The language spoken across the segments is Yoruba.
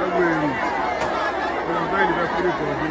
как бы, когда ребят переходит.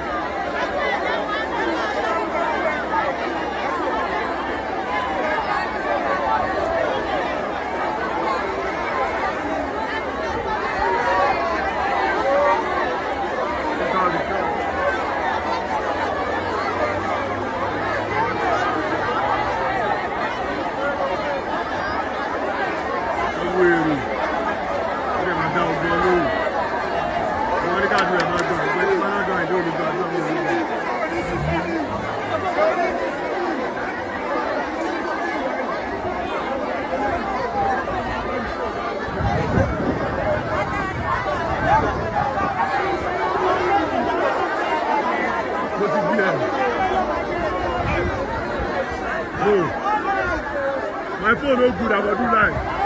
My phone no good, I'm gonna do live.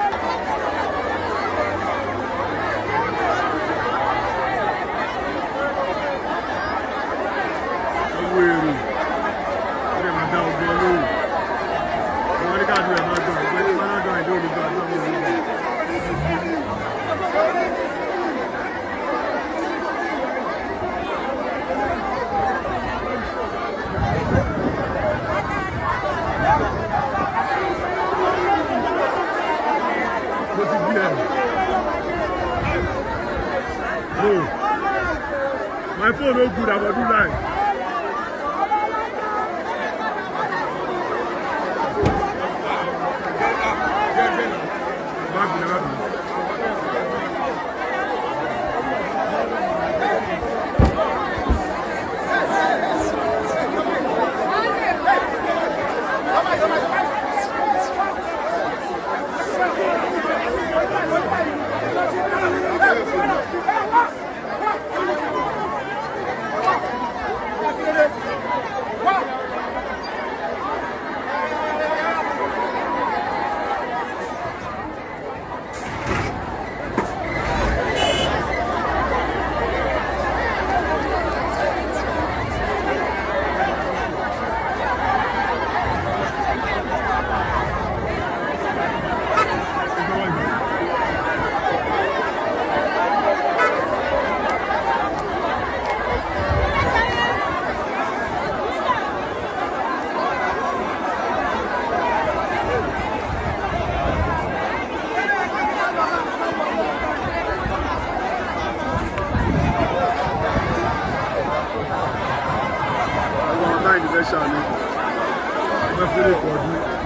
My phone no good, I'm on do line. Àyìndé fẹ́ ṣàánú. Wọ́n fẹ́rẹ̀ pọ̀ dún.